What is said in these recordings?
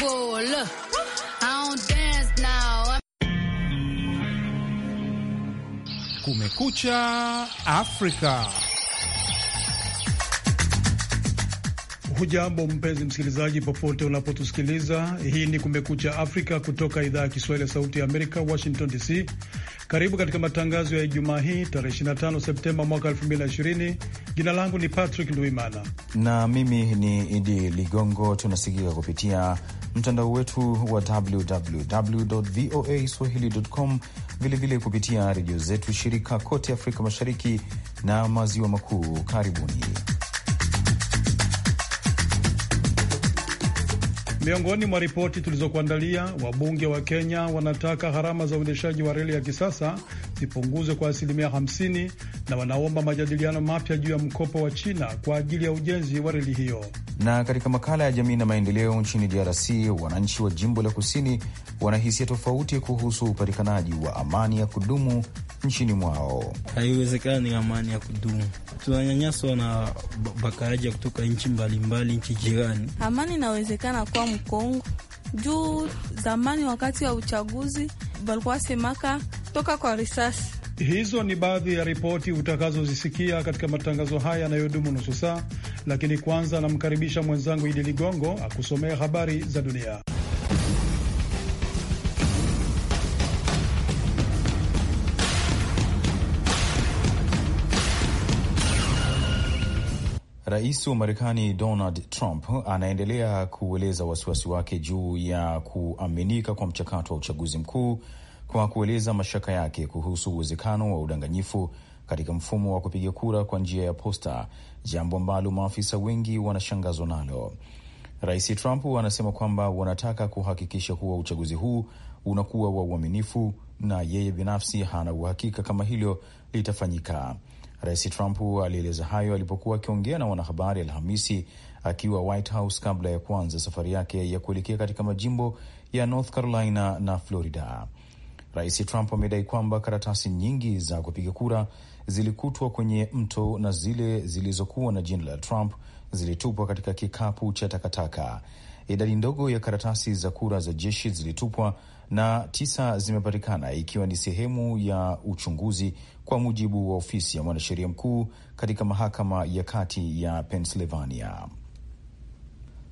bull. I don't dance now. Kumekucha Afrika. Hujambo mpenzi msikilizaji, popote unapotusikiliza. Hii ni Kumekucha Afrika kutoka idhaa ya Kiswahili ya Sauti ya Amerika, Washington DC. Karibu katika matangazo ya Ijumaa hii tarehe 25 Septemba mwaka 2020. Jina langu ni Patrick Nduimana na mimi ni Idi Ligongo. Tunasikika kupitia mtandao wetu wa www voa swahili.com, vilevile kupitia redio zetu shirika kote Afrika Mashariki na Maziwa Makuu. Karibuni. Miongoni mwa ripoti tulizokuandalia, wabunge wa Kenya wanataka gharama za uendeshaji wa reli ya kisasa ipunguzwe kwa asilimia 50 na wanaomba majadiliano mapya juu ya mkopo wa China kwa ajili ya ujenzi wa reli hiyo. Na katika makala ya jamii na maendeleo, nchini DRC wananchi wa jimbo la kusini wanahisia tofauti kuhusu upatikanaji wa amani ya kudumu nchini mwao. Haiwezekani amani ya kudumu, tunanyanyaswa na bakaaja kutoka nchi mbalimbali, nchi jirani. Amani inawezekana kwa Mkongo juu zamani wakati wa uchaguzi walikuwa semaka toka kwa risasi. Hizo ni baadhi ya ripoti utakazozisikia katika matangazo haya yanayodumu nusu saa, lakini kwanza anamkaribisha mwenzangu Idi Ligongo akusomea habari za dunia. Rais wa Marekani Donald Trump anaendelea kueleza wasiwasi wake juu ya kuaminika kwa mchakato wa uchaguzi mkuu kwa kueleza mashaka yake kuhusu uwezekano wa udanganyifu katika mfumo wa kupiga kura kwa njia ya posta, jambo ambalo maafisa wengi wanashangazwa nalo. Rais Trump anasema kwamba wanataka kuhakikisha kuwa uchaguzi huu unakuwa wa uaminifu na yeye binafsi hana uhakika kama hilo litafanyika. Rais Trump alieleza hayo alipokuwa akiongea na wanahabari Alhamisi akiwa White House kabla ya kuanza safari yake ya kuelekea katika majimbo ya North Carolina na Florida. Rais Trump amedai kwamba karatasi nyingi za kupiga kura zilikutwa kwenye mto na zile zilizokuwa na jina la Trump zilitupwa katika kikapu cha takataka. Idadi ndogo ya karatasi za kura za jeshi zilitupwa na tisa zimepatikana ikiwa ni sehemu ya uchunguzi, kwa mujibu wa ofisi ya mwanasheria mkuu katika mahakama ya kati ya Pennsylvania.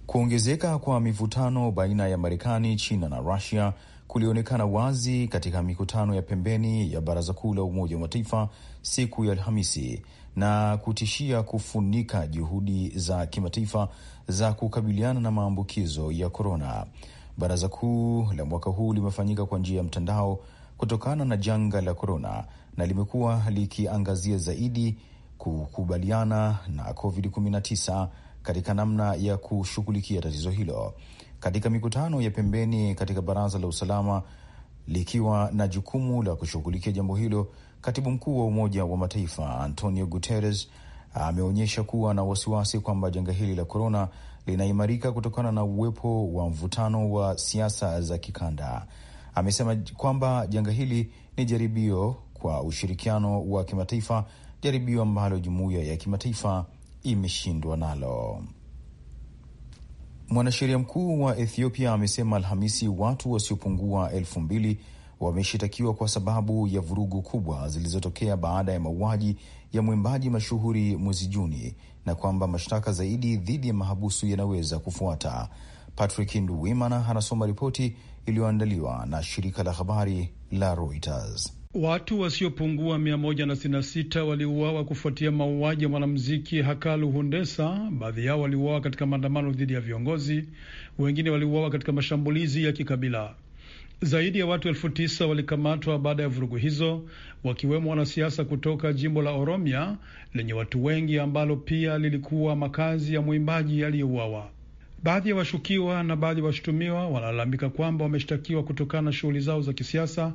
Kuongezeka kwa mivutano baina ya Marekani, China na Rusia kulionekana wazi katika mikutano ya pembeni ya Baraza Kuu la Umoja wa Mataifa siku ya Alhamisi na kutishia kufunika juhudi za kimataifa za kukabiliana na maambukizo ya korona. Baraza kuu la mwaka huu limefanyika kwa njia ya mtandao kutokana na janga la korona, na limekuwa likiangazia zaidi kukubaliana na COVID-19 katika namna ya kushughulikia tatizo hilo. Katika mikutano ya pembeni katika baraza la usalama likiwa na jukumu la kushughulikia jambo hilo, katibu mkuu wa Umoja wa Mataifa Antonio Guterres ameonyesha kuwa na wasiwasi kwamba janga hili la korona linaimarika kutokana na uwepo wa mvutano wa siasa za kikanda. Amesema kwamba janga hili ni jaribio kwa ushirikiano wa kimataifa, jaribio ambalo jumuiya ya kimataifa imeshindwa nalo. Mwanasheria mkuu wa Ethiopia amesema Alhamisi watu wasiopungua elfu mbili wameshitakiwa kwa sababu ya vurugu kubwa zilizotokea baada ya mauaji ya mwimbaji mashuhuri mwezi Juni na kwamba mashtaka zaidi dhidi ya mahabusu yanaweza kufuata. Patrick Nduwimana anasoma ripoti iliyoandaliwa na shirika la habari la Reuters. Watu wasiopungua 166 waliuawa kufuatia mauaji ya mwanamuziki Hakalu Hundesa. Baadhi yao waliuawa katika maandamano dhidi ya viongozi, wengine waliuawa katika mashambulizi ya kikabila. Zaidi ya watu elfu tisa walikamatwa baada ya vurugu hizo, wakiwemo wanasiasa kutoka jimbo la Oromia lenye watu wengi ambalo pia lilikuwa makazi ya mwimbaji aliyeuawa. Baadhi ya washukiwa na baadhi ya washutumiwa wanalalamika kwamba wameshtakiwa kutokana na shughuli zao za kisiasa.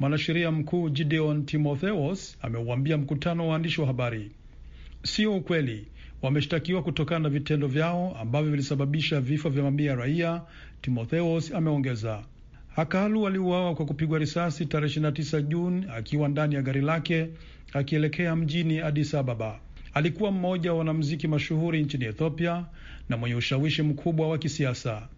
Mwanasheria mkuu Gideon Timotheos ameuambia mkutano wa waandishi wa habari, sio ukweli, wameshtakiwa kutokana na vitendo vyao ambavyo vilisababisha vifo vya mamia ya raia, Timotheos ameongeza akalu aliuawa kwa kupigwa risasi tarehe 29 Juni akiwa ndani ya gari lake akielekea mjini Addis Ababa. Alikuwa mmoja wa wanamuziki mashuhuri nchini Ethiopia na mwenye ushawishi mkubwa wa kisiasa.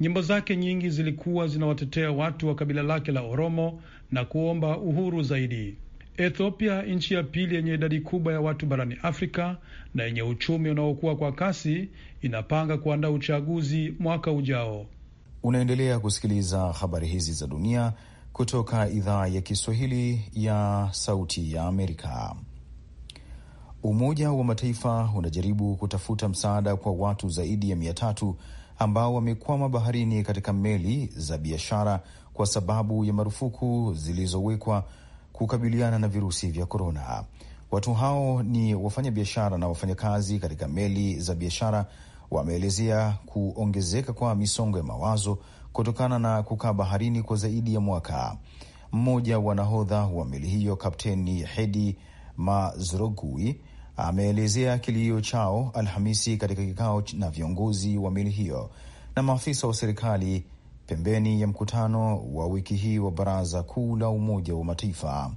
Nyimbo zake nyingi zilikuwa zinawatetea watu wa kabila lake la Oromo na kuomba uhuru zaidi. Ethiopia, nchi ya pili yenye idadi kubwa ya watu barani Afrika na yenye uchumi unaokuwa kwa kasi, inapanga kuandaa uchaguzi mwaka ujao. Unaendelea kusikiliza habari hizi za dunia kutoka idhaa ya Kiswahili ya Sauti ya Amerika. Umoja wa Mataifa unajaribu kutafuta msaada kwa watu zaidi ya mia tatu ambao wamekwama baharini katika meli za biashara kwa sababu ya marufuku zilizowekwa kukabiliana na virusi vya korona. Watu hao ni wafanyabiashara na wafanyakazi katika meli za biashara wameelezea kuongezeka kwa misongo ya mawazo kutokana na kukaa baharini kwa zaidi ya mwaka. Mmoja wa nahodha wa meli hiyo, Kapteni Hedi Mazrogui, ameelezea kilio chao Alhamisi katika kikao na viongozi wa meli hiyo na maafisa wa serikali pembeni ya mkutano wa wiki hii wa Baraza Kuu la Umoja wa Mataifa.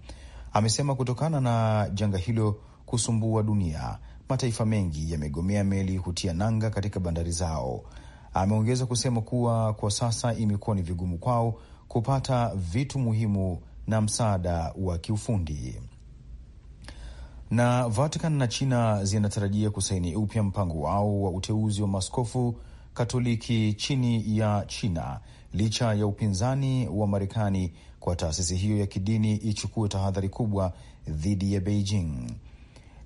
Amesema kutokana na janga hilo kusumbua dunia mataifa mengi yamegomea meli hutia nanga katika bandari zao. Ameongeza kusema kuwa kwa sasa imekuwa ni vigumu kwao kupata vitu muhimu na msaada wa kiufundi. Na Vatican na China zinatarajia kusaini upya mpango wao wa uteuzi wa maskofu Katoliki chini ya China licha ya upinzani wa Marekani kwa taasisi hiyo ya kidini ichukue tahadhari kubwa dhidi ya Beijing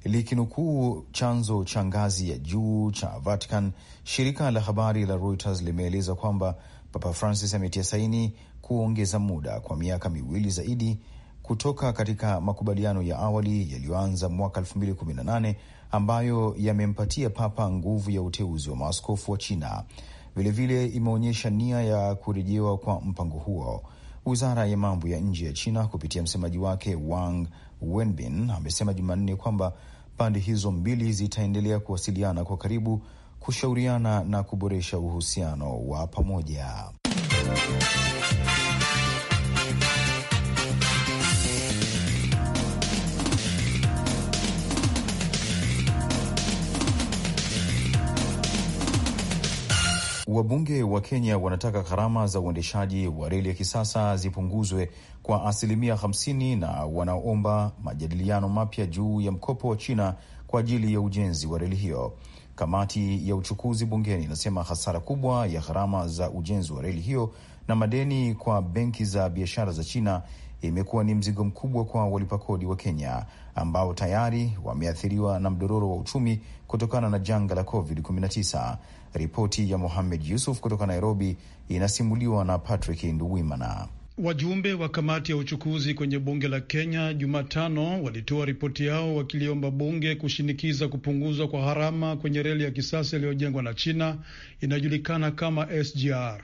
likinukuu chanzo cha ngazi ya juu cha Vatican, shirika la habari la Reuters limeeleza kwamba Papa Francis ametia saini kuongeza muda kwa miaka miwili zaidi kutoka katika makubaliano ya awali yaliyoanza mwaka 2018 ambayo yamempatia papa nguvu ya uteuzi wa maaskofu wa China. Vilevile imeonyesha nia ya kurejewa kwa mpango huo. Wizara ya mambo ya nje ya China kupitia msemaji wake Wang Wenbin amesema Jumanne kwamba pande hizo mbili zitaendelea kuwasiliana kwa karibu, kushauriana na kuboresha uhusiano wa pamoja. Wabunge wa Kenya wanataka gharama za uendeshaji wa reli ya kisasa zipunguzwe kwa asilimia 50 na wanaomba majadiliano mapya juu ya mkopo wa China kwa ajili ya ujenzi wa reli hiyo. Kamati ya uchukuzi bungeni inasema hasara kubwa ya gharama za ujenzi wa reli hiyo na madeni kwa benki za biashara za China imekuwa ni mzigo mkubwa kwa walipakodi wa Kenya ambao tayari wameathiriwa na mdororo wa uchumi kutokana na janga la COVID-19. Ripoti ya Mohamed Yusuf kutoka Nairobi inasimuliwa na Patrick Nduwimana. Wajumbe wa kamati ya uchukuzi kwenye bunge la Kenya Jumatano walitoa ripoti yao wakiliomba bunge kushinikiza kupunguzwa kwa gharama kwenye reli ya kisasa iliyojengwa na China inayojulikana kama SGR.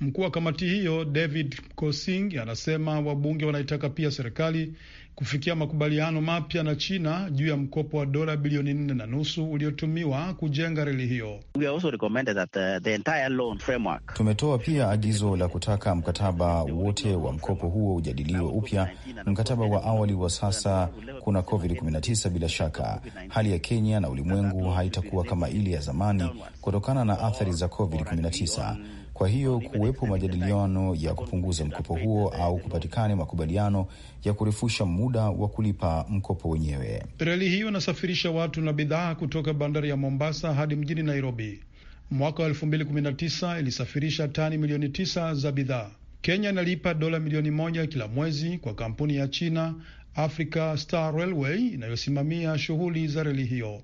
Mkuu wa kamati hiyo David Kosing anasema wabunge wanaitaka pia serikali kufikia makubaliano mapya na China juu ya mkopo wa dola bilioni nne na nusu uliotumiwa kujenga reli hiyo. Uh, Tumetoa pia agizo la kutaka mkataba wote wa mkopo huo ujadiliwe upya. Mkataba wa awali wa sasa, kuna COVID-19 bila shaka. Hali ya Kenya na ulimwengu haitakuwa kama ile ya zamani kutokana na athari za COVID-19. Kwa hiyo kuwepo majadiliano ya kupunguza mkopo huo au kupatikane makubaliano ya kurefusha muda wa kulipa mkopo wenyewe. Reli hiyo inasafirisha watu na bidhaa kutoka bandari ya Mombasa hadi mjini Nairobi. Mwaka wa 2019 ilisafirisha tani milioni tisa za bidhaa. Kenya inalipa dola milioni moja kila mwezi kwa kampuni ya China Africa Star Railway inayosimamia shughuli za reli hiyo.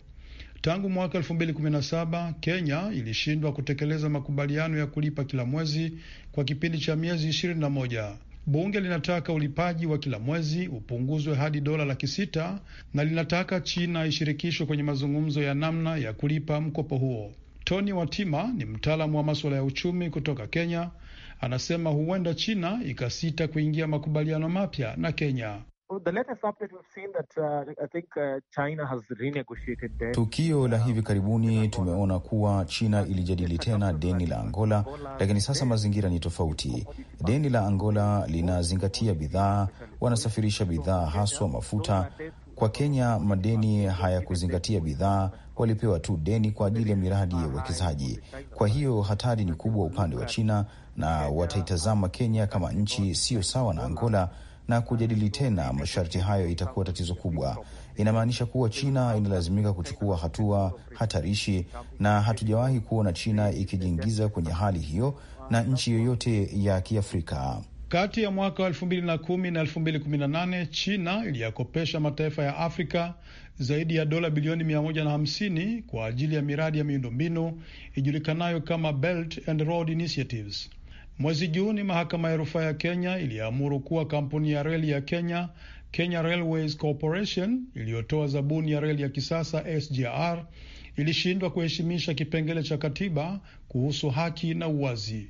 Tangu mwaka 2017 Kenya ilishindwa kutekeleza makubaliano ya kulipa kila mwezi kwa kipindi cha miezi 21. Bunge linataka ulipaji wa kila mwezi upunguzwe hadi dola laki sita na linataka China ishirikishwe kwenye mazungumzo ya namna ya kulipa mkopo huo. Tony Watima ni mtaalamu wa maswala ya uchumi kutoka Kenya, anasema huenda China ikasita kuingia makubaliano mapya na Kenya. The latest update we've seen that, uh, I think, uh, China has renegotiated debt. Tukio la hivi karibuni tumeona kuwa China ilijadili tena deni la Angola, lakini sasa mazingira ni tofauti. Deni la Angola linazingatia bidhaa, wanasafirisha bidhaa haswa mafuta. Kwa Kenya madeni hayakuzingatia bidhaa, walipewa tu deni kwa ajili ya miradi ya uwekezaji. Kwa hiyo hatari ni kubwa upande wa China na wataitazama Kenya kama nchi siyo sawa na Angola na kujadili tena masharti hayo itakuwa tatizo kubwa. Inamaanisha kuwa China inalazimika kuchukua hatua hatarishi, na hatujawahi kuona China ikijiingiza kwenye hali hiyo na nchi yoyote ya Kiafrika. Kati ya mwaka wa elfu na kumi China iliyakopesha mataifa ya Afrika zaidi ya dola bilioni 150 kwa ajili ya miradi ya miundombinu ijulikanayo kama Belt and Road Initiatives. Mwezi Juni, mahakama ya rufaa ya Kenya iliamuru kuwa kampuni ya reli ya Kenya, Kenya Railways Corporation, iliyotoa zabuni ya reli ya kisasa SGR, ilishindwa kuheshimisha kipengele cha katiba kuhusu haki na uwazi.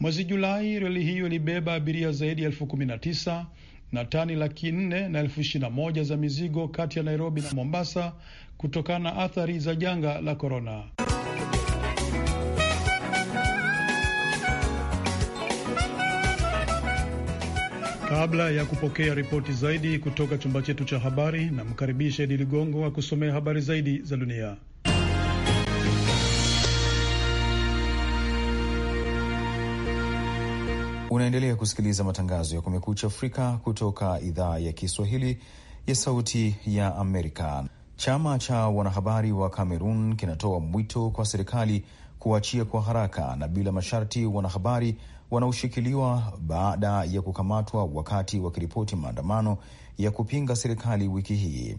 Mwezi Julai, reli hiyo ilibeba abiria zaidi ya elfu kumi na tisa na tani laki nne na elfu ishirini na moja za mizigo kati ya Nairobi na Mombasa kutokana na athari za janga la korona. Kabla ya kupokea ripoti zaidi kutoka chumba chetu cha habari, namkaribisha Idi Ligongo akusomea habari zaidi za dunia. Unaendelea kusikiliza matangazo ya Kumekucha Afrika kutoka idhaa ya Kiswahili ya Sauti ya Amerika. Chama cha wanahabari wa Kamerun kinatoa mwito kwa serikali kuachia kwa haraka na bila masharti wanahabari wanaoshikiliwa baada ya kukamatwa wakati wakiripoti maandamano ya kupinga serikali wiki hii.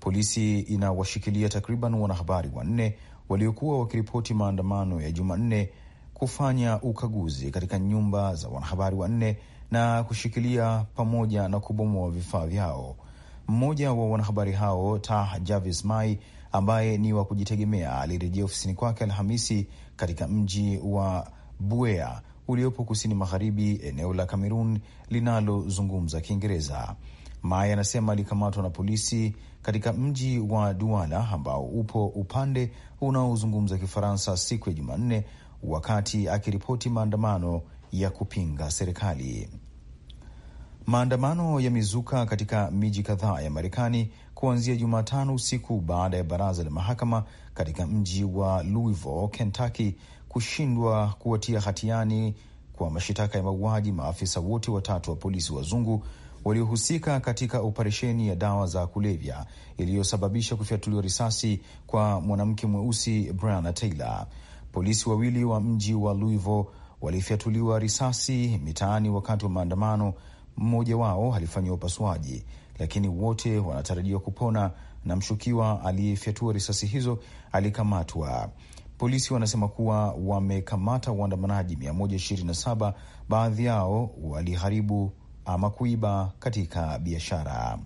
Polisi inawashikilia takriban wanahabari wanne waliokuwa wakiripoti maandamano ya Jumanne, kufanya ukaguzi katika nyumba za wanahabari wanne na kushikilia pamoja na kubomoa vifaa vyao. Mmoja wa wanahabari hao Tah Javis Mai ambaye ni wa kujitegemea alirejea ofisini kwake Alhamisi katika mji wa Buea uliopo kusini magharibi eneo la Kamerun linalozungumza Kiingereza. Maya anasema alikamatwa na polisi katika mji wa Duala ambao upo upande unaozungumza Kifaransa siku ya Jumanne wakati akiripoti maandamano ya kupinga serikali. Maandamano yamezuka katika miji kadhaa ya Marekani kuanzia Jumatano usiku baada ya baraza la mahakama katika mji wa Louisville, Kentucky kushindwa kuwatia hatiani kwa mashitaka ya mauaji maafisa wote watatu wa polisi wazungu waliohusika katika operesheni ya dawa za kulevya iliyosababisha kufyatuliwa risasi kwa mwanamke mweusi Breonna Taylor. Polisi wawili wa mji wa Louisville walifyatuliwa risasi mitaani wakati wa maandamano. Mmoja wao alifanyiwa upasuaji, lakini wote wanatarajiwa kupona, na mshukiwa aliyefyatua risasi hizo alikamatwa. Polisi wanasema kuwa wamekamata waandamanaji 127, baadhi yao waliharibu ama kuiba katika biashara.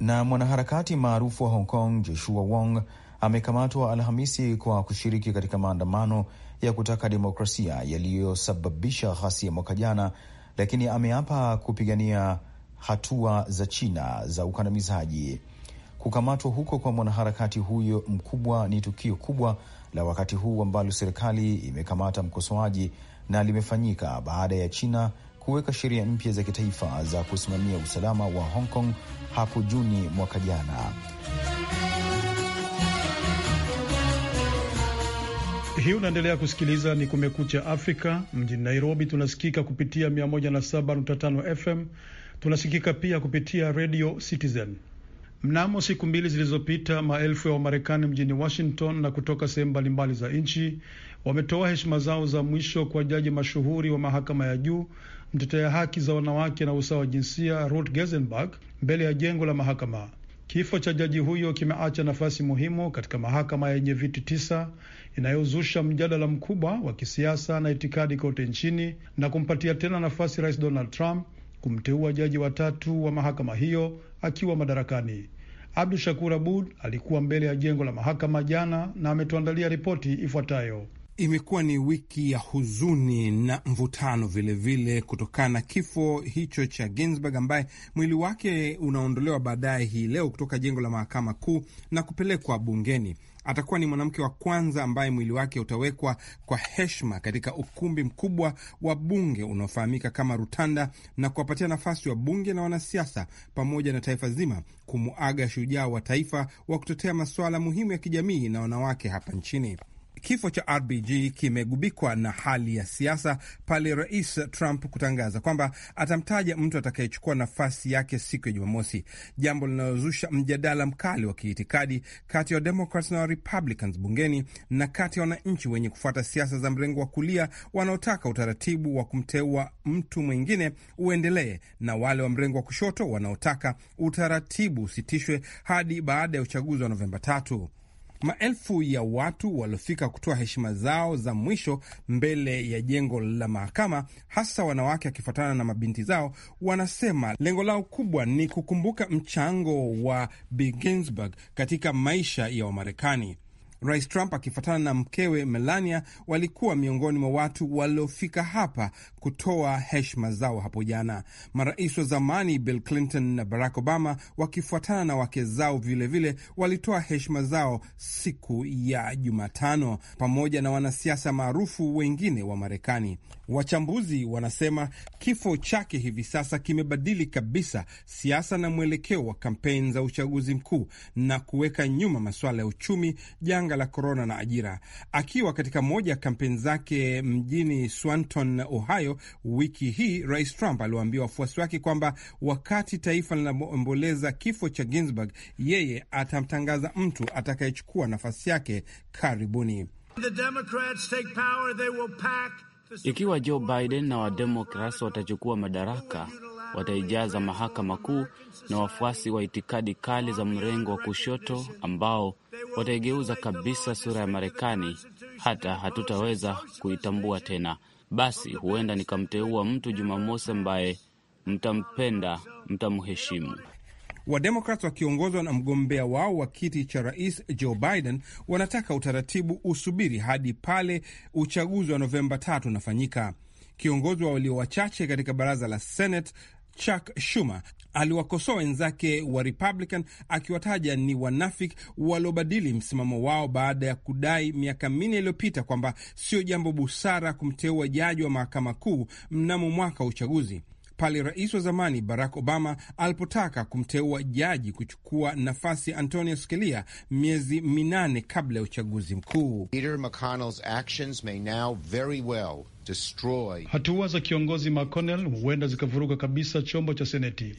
Na mwanaharakati maarufu wa Hong Kong Joshua Wong amekamatwa Alhamisi kwa kushiriki katika maandamano ya kutaka demokrasia yaliyosababisha ghasia ya mwaka jana, lakini ameapa kupigania hatua za China za ukandamizaji. Kukamatwa huko kwa mwanaharakati huyo mkubwa ni tukio kubwa la wakati huu ambalo serikali imekamata mkosoaji na limefanyika baada ya China kuweka sheria mpya za kitaifa za kusimamia usalama wa Hong Kong hapo Juni mwaka jana. Hii unaendelea kusikiliza ni Kumekucha Afrika. Mjini Nairobi tunasikika kupitia 107.5 FM. Tunasikika pia kupitia Radio Citizen. Mnamo siku mbili zilizopita, maelfu ya Wamarekani mjini Washington na kutoka sehemu mbalimbali za nchi wametoa heshima zao za mwisho kwa jaji mashuhuri wa mahakama ya juu mtetea haki za wanawake na usawa wa jinsia Ruth Gezenberg mbele ya jengo la mahakama. Kifo cha jaji huyo kimeacha nafasi muhimu katika mahakama yenye viti tisa inayozusha mjadala mkubwa wa kisiasa na itikadi kote nchini na kumpatia tena nafasi Rais Donald Trump kumteua jaji watatu wa mahakama hiyo akiwa madarakani. Abdu Shakur Abud alikuwa mbele ya jengo la mahakama jana na ametuandalia ripoti ifuatayo. Imekuwa ni wiki ya huzuni na mvutano vilevile, kutokana na kifo hicho cha Ginsburg ambaye mwili wake unaondolewa baadaye hii leo kutoka jengo la mahakama kuu na kupelekwa bungeni. Atakuwa ni mwanamke wa kwanza ambaye mwili wake utawekwa kwa heshima katika ukumbi mkubwa wa bunge unaofahamika kama Rutanda na kuwapatia nafasi wa bunge na wanasiasa pamoja na taifa zima kumuaga shujaa wa taifa wa kutetea masuala muhimu ya kijamii na wanawake hapa nchini. Kifo cha RBG kimegubikwa na hali ya siasa pale Rais Trump kutangaza kwamba atamtaja mtu atakayechukua nafasi yake siku ya Jumamosi, jambo linalozusha mjadala mkali wa kiitikadi kati ya Democrats na Republicans bungeni na kati ya wananchi wenye kufuata siasa za mrengo wa kulia wanaotaka utaratibu wa kumteua mtu mwingine uendelee na wale wa mrengo wa kushoto wanaotaka utaratibu usitishwe hadi baada ya uchaguzi wa Novemba tatu. Maelfu ya watu waliofika kutoa heshima zao za mwisho mbele ya jengo la mahakama, hasa wanawake wakifuatana na mabinti zao, wanasema lengo lao kubwa ni kukumbuka mchango wa Bi Ginsburg katika maisha ya Wamarekani. Rais Trump akifuatana na mkewe Melania walikuwa miongoni mwa watu waliofika hapa kutoa heshima zao hapo jana, marais wa zamani Bill Clinton na Barack Obama wakifuatana na wake zao vilevile vile, walitoa heshima zao siku ya Jumatano pamoja na wanasiasa maarufu wengine wa Marekani. Wachambuzi wanasema kifo chake hivi sasa kimebadili kabisa siasa na mwelekeo wa kampeni za uchaguzi mkuu na kuweka nyuma masuala ya uchumi janga la korona na ajira, akiwa katika moja ya kampeni zake mjini Swanton, Ohio wiki hii. Rais Trump aliwaambia wafuasi wake kwamba wakati taifa linaomboleza kifo cha Ginsburg, yeye atamtangaza mtu atakayechukua nafasi yake karibuni. The ikiwa Joe Biden na Wademokrasi watachukua madaraka, wataijaza mahakama kuu na wafuasi wa itikadi kali za mrengo wa kushoto ambao wataigeuza kabisa sura ya Marekani hata hatutaweza kuitambua tena. Basi huenda nikamteua mtu Jumamosi ambaye mtampenda, mtamheshimu. Wademokrat wakiongozwa na mgombea wao wa kiti cha rais Joe Biden wanataka utaratibu usubiri hadi pale uchaguzi wa Novemba tatu unafanyika. Kiongozi wa walio wachache katika baraza la Senate Chuck Schumer aliwakosoa wenzake wa Republican akiwataja ni wanafiki waliobadili msimamo wao baada ya kudai miaka minne iliyopita kwamba sio jambo busara kumteua jaji wa mahakama kuu mnamo mwaka wa uchaguzi pale rais wa zamani Barack Obama alipotaka kumteua jaji kuchukua nafasi ya Antonio Scalia miezi minane kabla ya uchaguzi mkuu. Peter McConnell's actions may now very well destroy... hatua za kiongozi McConnell huenda zikavuruga kabisa chombo cha Seneti.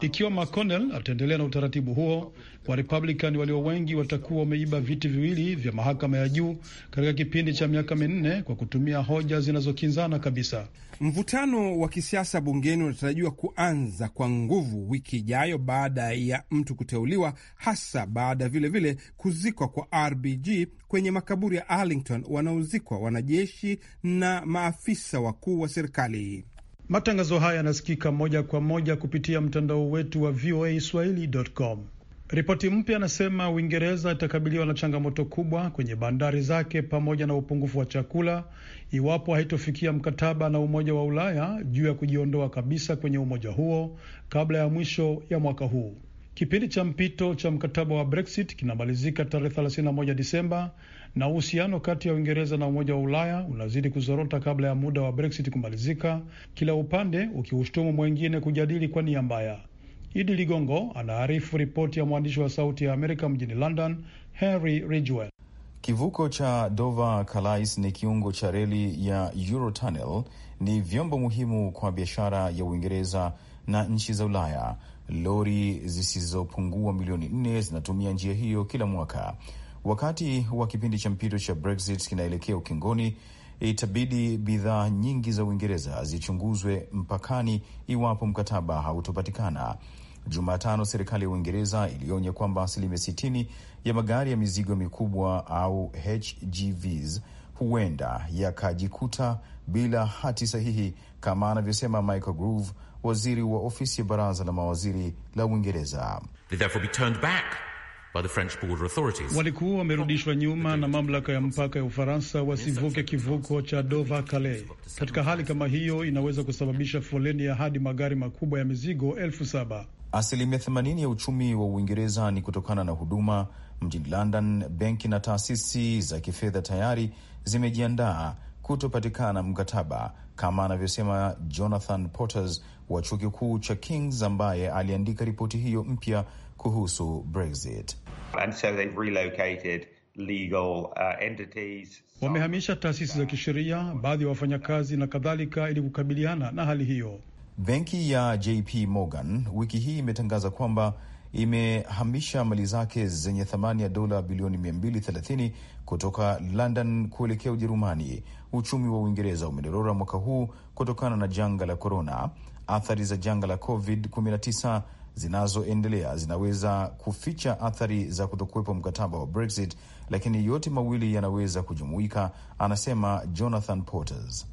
Ikiwa McConnell ataendelea na utaratibu huo, Warepublikani walio wengi watakuwa wameiba viti viwili vya mahakama ya juu katika kipindi cha miaka minne kwa kutumia hoja zinazokinzana kabisa. Mvutano wa kisiasa bungeni unatarajiwa kuanza kwa nguvu wiki ijayo baada ya mtu kuteuliwa, hasa baada vile vilevile kuzikwa kwa RBG kwenye makaburi ya Arlington wanaozikwa wanajeshi na maafisa wakuu wa serikali. Matangazo haya yanasikika moja kwa moja kupitia mtandao wetu wa VOA Swahili.com. Ripoti mpya anasema Uingereza itakabiliwa na changamoto kubwa kwenye bandari zake pamoja na upungufu wa chakula iwapo haitofikia mkataba na Umoja wa Ulaya juu ya kujiondoa kabisa kwenye umoja huo kabla ya mwisho ya mwaka huu. Kipindi cha mpito cha mkataba wa Brexit kinamalizika tarehe 31 Disemba na uhusiano kati ya Uingereza na Umoja wa Ulaya unazidi kuzorota kabla ya muda wa Brexit kumalizika, kila upande ukiushtumu mwengine kujadili kwa nia mbaya. Idi Ligongo anaarifu ripoti ya mwandishi wa Sauti ya Amerika mjini London, Henry Ridgwell. Kivuko cha Dover Calais ni kiungo cha reli ya Eurotunnel, ni vyombo muhimu kwa biashara ya Uingereza na nchi za Ulaya. Lori zisizopungua milioni nne zinatumia njia hiyo kila mwaka. Wakati wa kipindi cha mpito cha Brexit kinaelekea ukingoni, itabidi bidhaa nyingi za Uingereza zichunguzwe mpakani iwapo mkataba hautopatikana. Jumatano, serikali ya Uingereza ilionya kwamba asilimia 60 ya magari ya mizigo mikubwa au HGVs huenda yakajikuta bila hati sahihi, kama anavyosema Michael Gove, waziri wa ofisi ya baraza la mawaziri la Uingereza by the French border authorities. Walikuwa wamerudishwa nyuma na mamlaka ya mpaka ya Ufaransa wasivuke kivuko cha Dover Calais. Katika hali kama hiyo, inaweza kusababisha foleni ya hadi magari makubwa ya mizigo elfu saba. Asilimia 80 ya uchumi wa Uingereza ni kutokana na huduma. Mjini London, benki na taasisi za kifedha tayari zimejiandaa kutopatikana mkataba, kama anavyosema Jonathan potters wa chuo kikuu cha Kings ambaye aliandika ripoti hiyo mpya kuhusu Brexit. And so they've relocated legal, uh, entities. Wamehamisha taasisi za kisheria, baadhi ya wafanyakazi na kadhalika, ili kukabiliana na hali hiyo. Benki ya JP Morgan wiki hii imetangaza kwamba imehamisha mali zake zenye thamani ya dola bilioni 230 kutoka London kuelekea Ujerumani. Uchumi wa Uingereza umedorora mwaka huu kutokana na janga la korona, athari za janga la COVID-19 zinazoendelea zinaweza kuficha athari za kutokuwepo mkataba wa Brexit, lakini yote mawili yanaweza kujumuika, anasema Jonathan porters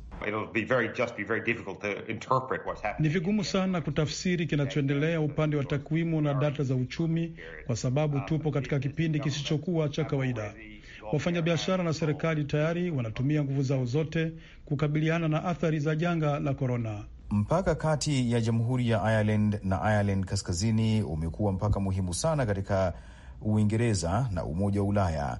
Ni vigumu sana kutafsiri kinachoendelea upande wa takwimu na data za uchumi, kwa sababu uh, tupo katika kipindi kisichokuwa cha kawaida. Wafanyabiashara na serikali tayari wanatumia nguvu zao zote kukabiliana na athari za janga la korona. Mpaka kati ya Jamhuri ya Ireland na Ireland Kaskazini umekuwa mpaka muhimu sana katika Uingereza na Umoja wa Ulaya.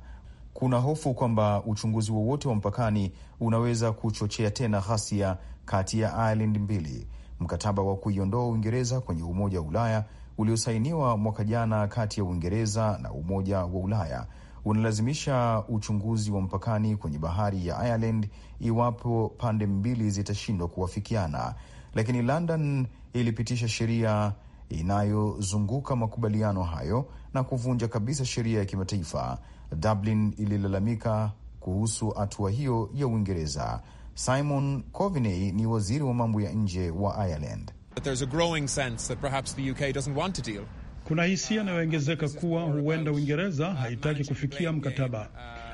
Kuna hofu kwamba uchunguzi wowote wa, wa mpakani unaweza kuchochea tena ghasia kati ya Ireland mbili. Mkataba wa kuiondoa Uingereza kwenye Umoja wa Ulaya uliosainiwa mwaka jana kati ya Uingereza na Umoja wa Ulaya unalazimisha uchunguzi wa mpakani kwenye bahari ya Ireland iwapo pande mbili zitashindwa kuwafikiana lakini London ilipitisha sheria inayozunguka makubaliano hayo na kuvunja kabisa sheria ya kimataifa. Dublin ililalamika kuhusu hatua hiyo ya Uingereza. Simon Coveney ni waziri wa mambo ya nje wa Ireland. Kuna hisia inayoongezeka kuwa huenda Uingereza haitaki kufikia mkataba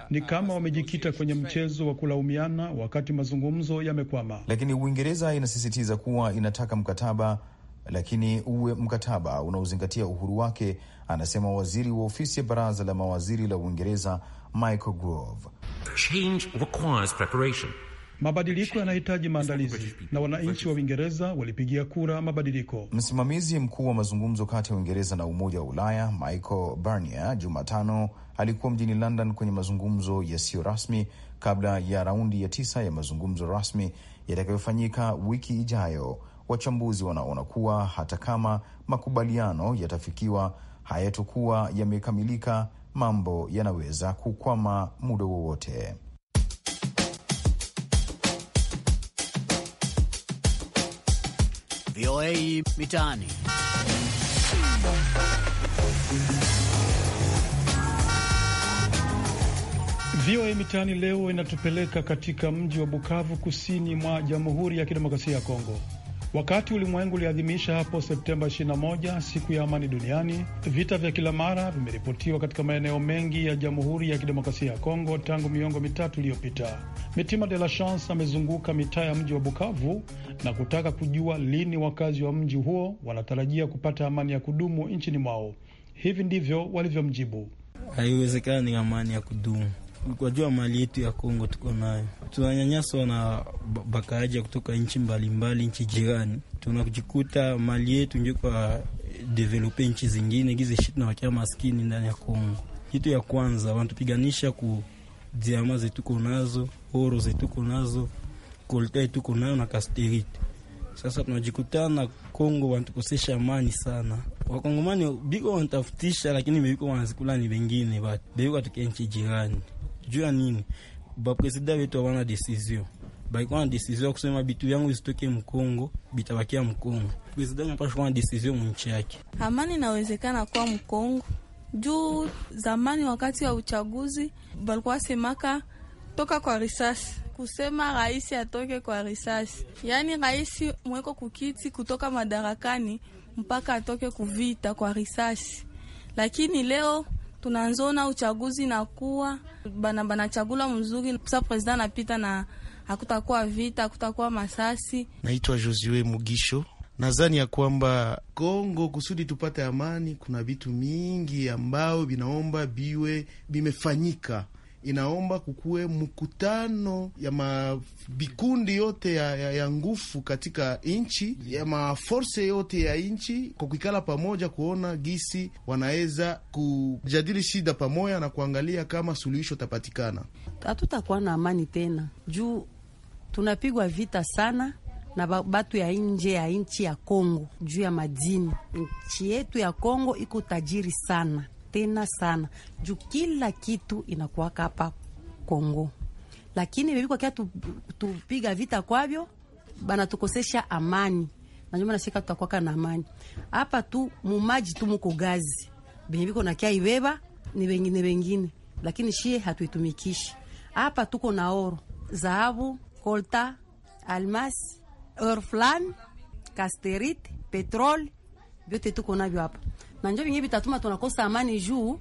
ni kama wamejikita kwenye mchezo wa kulaumiana wakati mazungumzo yamekwama. Lakini Uingereza inasisitiza kuwa inataka mkataba, lakini uwe mkataba unaozingatia uhuru wake, anasema waziri wa ofisi ya baraza la mawaziri la Uingereza Michael Gove. Change requires preparation. Mabadiliko yanahitaji maandalizi na wananchi wa Uingereza walipigia kura mabadiliko. Msimamizi mkuu wa mazungumzo kati ya Uingereza na Umoja wa Ulaya Michael Barnier Jumatano alikuwa mjini London kwenye mazungumzo yasiyo rasmi kabla ya raundi ya tisa ya mazungumzo rasmi yatakayofanyika wiki ijayo. Wachambuzi wanaona kuwa hata kama makubaliano yatafikiwa, hayatokuwa yamekamilika, mambo yanaweza kukwama muda wowote. VOA Mitaani. VOA Mitaani leo inatupeleka katika mji wa Bukavu, kusini mwa Jamhuri ya Kidemokrasia ya Kongo. Wakati ulimwengu uliadhimisha hapo Septemba 21 siku ya amani duniani, vita vya kila mara vimeripotiwa katika maeneo mengi ya Jamhuri ya Kidemokrasia ya Kongo tangu miongo mitatu iliyopita. Mitima de la Chance amezunguka mitaa ya mji wa Bukavu na kutaka kujua lini wakazi wa mji huo wanatarajia kupata amani ya kudumu nchini mwao. Hivi ndivyo walivyomjibu: haiwezekani amani ya kudumu Kwajua mali yetu ya Kongo tuko nayo, tunanyanyaswa na bakaaji kutoka nchi mbalimbali, nchi jirani, tunajikuta mali yetu ndio kwa develope nchi zingine gize shit na wakia maskini ndani ya Kongo. Kitu ya kwanza wanatupiganisha ku diama zetuko nazo, oro zetuko nazo, kolta tuko nayo na kasterite. Sasa tunajikutana Kongo wanatukosesha amani sana. Wakongomani biko wanatafutisha, lakini biko wanazikula ni bengine, but biko atukia nchi jirani juu ya nini? Bapresida wetu hawana desizio, balikuwa na desizio kusema bitu yangu zitoke Mkongo, bitabakia Mkongo. Presida napasha kuwa na desizio munchi yake. Amani inawezekana kwa Mkongo juu zamani, wakati wa uchaguzi balikuwa semaka toka kwa risasi kusema rais atoke kwa risasi, yaani raisi mweko kukiti kutoka madarakani mpaka atoke kuvita kwa risasi. Lakini leo tunanzona uchaguzi nakuwa bana banachagula mzuri sa president napita na hakutakuwa vita, hakutakuwa masasi. Naitwa Josue Mugisho. Nadhani ya kwamba Kongo kusudi tupate amani, kuna vitu mingi ambao vinaomba biwe vimefanyika inaomba kukuwe mkutano ya mavikundi yote ya, ya, ya nguvu katika nchi ya maforse yote ya nchi kwa kuikala pamoja, kuona gisi wanaweza kujadili shida pamoja na kuangalia kama suluhisho tapatikana. Hatutakuwa na amani tena juu tunapigwa vita sana na batu ya nje ya nchi ya Kongo juu ya madini. Nchi yetu ya Kongo iko tajiri sana tena sana juu kila kitu inakuwaka hapa Kongo, lakini kia tupiga tu vita kwavyo banatukosesha amani, najua nashika tutakwaka na amani hapa tu mumaji tu muko gazi benye viko nakia ibeba ni wengine wengine, lakini shie hatuitumikishi hapa. Tuko na oro, zahabu, kolta, almas, orflan, kasterit, petrol, vyote tuko navyo hapa na njo vingi vitatuma tunakosa amani juu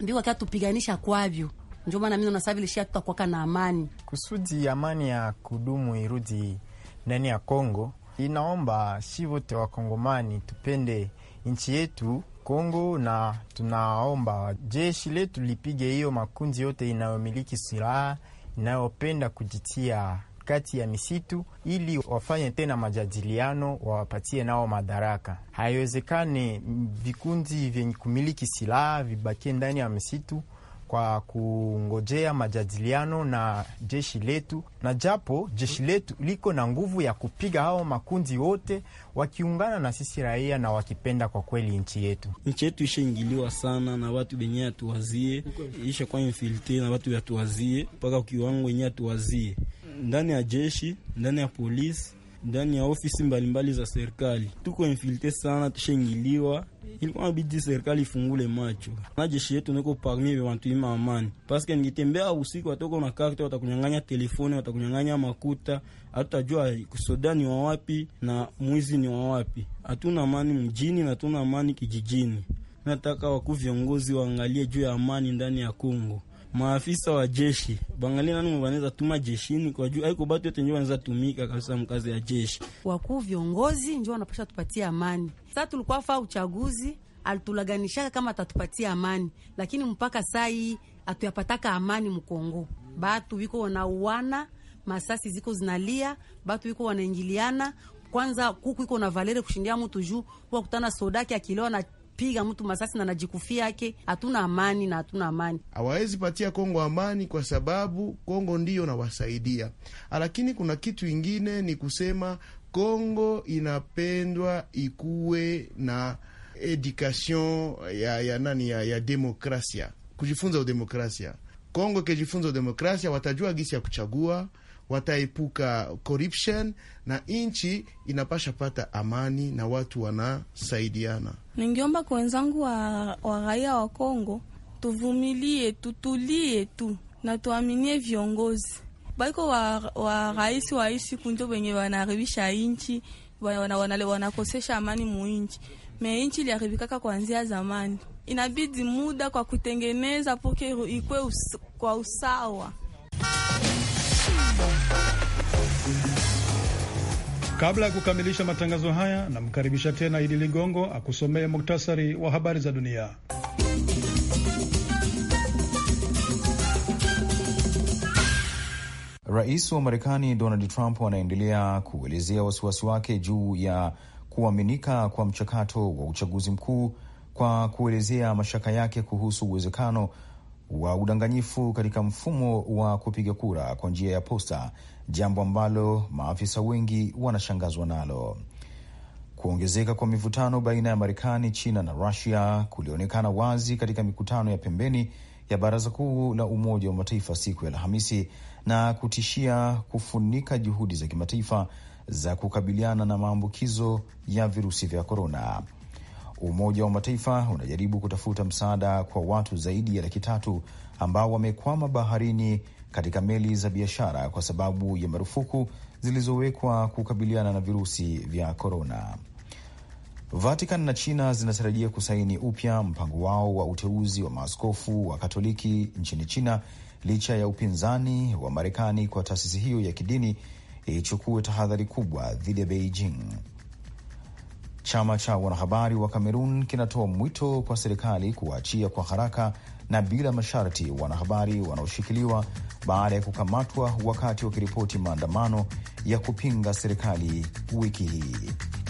ndio kia tupiganisha kwavyo. Njo maana mimi na sabili shia tutakuwa na amani, kusudi amani ya kudumu irudi ndani ya Kongo. Inaomba si wote wa Kongomani tupende nchi yetu Kongo, na tunaomba jeshi letu lipige hiyo makundi yote inayomiliki silaha inayopenda kujitia katikati ya misitu ili wafanye tena majadiliano, wawapatie nao madaraka. Haiwezekane vikundi vyenye kumiliki silaha vibakie ndani ya misitu kwa kungojea majadiliano na jeshi letu, na japo jeshi letu liko na nguvu ya kupiga hao makundi wote wakiungana na sisi raia na wakipenda, kwa kweli nchi yetu nchi yetu ishaingiliwa sana na watu wenyewe atuwazie, ishakuwa infiltre na watu atuwazie, mpaka kiwango wenyewe atuwazie ndani ya jeshi, ndani ya polisi, ndani ya ofisi mbalimbali za serikali. Tuko infiltre sana, tushengiliwa. Ilikuwa nabidi serikali ifungule macho na jeshi yetu niko parmi watu ima amani, paske nikitembea usiku watoko na karte watakunyang'anya telefoni, watakunyang'anya makuta, hatutajua kusoda ni wawapi na mwizi ni wawapi. Hatuna amani mjini na hatuna amani kijijini. Nataka wakuu viongozi waangalie juu ya amani ndani ya Kongo maafisa wa jeshi bangalia nani wanaweza tuma jeshini, kwa juu aiko batu yote ndio wanaweza tumika kabisa mkazi ya jeshi. Wakuu viongozi ndio wanapasha tupatie amani. Sasa tulikuwa fa uchaguzi alitulaganishaka kama atatupatia amani, lakini mpaka saa hii atuyapataka amani mkongo. Batu biko wanauana, masasi ziko zinalia, batu wiko wanaingiliana. Kwanza kuku iko na Valere kushindia mtu juu wakutana sodaki akilewa na anapiga mtu masasi na anajikufia yake, hatuna amani na hatuna amani. Hawawezi patia Kongo amani kwa sababu Kongo ndiyo nawasaidia, ah, lakini kuna kitu ingine ni kusema Kongo inapendwa ikuwe na education ya, ya nani ya, ya demokrasia, kujifunza udemokrasia. Kongo ikijifunza udemokrasia watajua gisi ya kuchagua wataepuka corruption na nchi inapasha pata amani na watu wanasaidiana. Ningeomba kwa wenzangu wa, wa raia wa Kongo, tuvumilie, tutulie tu na tuaminie viongozi baiko wa, wa rais wa isi kunjo wenye wanaharibisha inchi wanakosesha wana, wana amani muinchi me inchi iliharibikaka nzia zamani. Inabidi muda kwa kutengeneza poke ikwe us, kwa usawa Kabla ya kukamilisha matangazo haya, namkaribisha tena Idi Ligongo akusomee muktasari wa habari za dunia. Rais wa Marekani Donald Trump anaendelea kuelezea wasiwasi wake juu ya kuaminika kwa mchakato wa uchaguzi mkuu kwa kuelezea mashaka yake kuhusu uwezekano wa udanganyifu katika mfumo wa kupiga kura kwa njia ya posta, jambo ambalo maafisa wengi wanashangazwa nalo. Kuongezeka kwa mivutano baina ya Marekani, China na Rusia kulionekana wazi katika mikutano ya pembeni ya Baraza Kuu la Umoja wa Mataifa siku ya Alhamisi na kutishia kufunika juhudi za kimataifa za kukabiliana na maambukizo ya virusi vya korona. Umoja wa Mataifa unajaribu kutafuta msaada kwa watu zaidi ya laki tatu ambao wamekwama baharini katika meli za biashara kwa sababu ya marufuku zilizowekwa kukabiliana na virusi vya korona. Vatican na China zinatarajia kusaini upya mpango wao wa uteuzi wa maaskofu wa Katoliki nchini China licha ya upinzani wa Marekani kwa taasisi hiyo ya kidini ichukue tahadhari kubwa dhidi ya Beijing. Chama cha wanahabari wa Kamerun kinatoa mwito kwa serikali kuwaachia kwa haraka na bila masharti wanahabari wanaoshikiliwa baada ya kukamatwa wakati wakiripoti maandamano ya kupinga serikali wiki hii.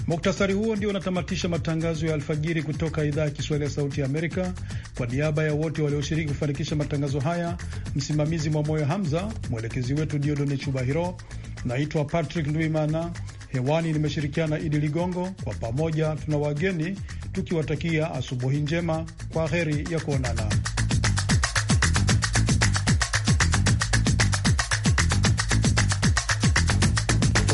Muktasari huo ndio unatamatisha matangazo ya alfajiri kutoka idhaa ya Kiswahili ya Sauti ya Amerika. Kwa niaba ya wote walioshiriki kufanikisha matangazo haya, msimamizi Mwamoyo Hamza, mwelekezi wetu Diodone Chubahiro, naitwa Patrick Ndwimana Hewani nimeshirikiana Idi Ligongo, kwa pamoja tuna wageni tukiwatakia asubuhi njema. Kwa heri ya kuonana.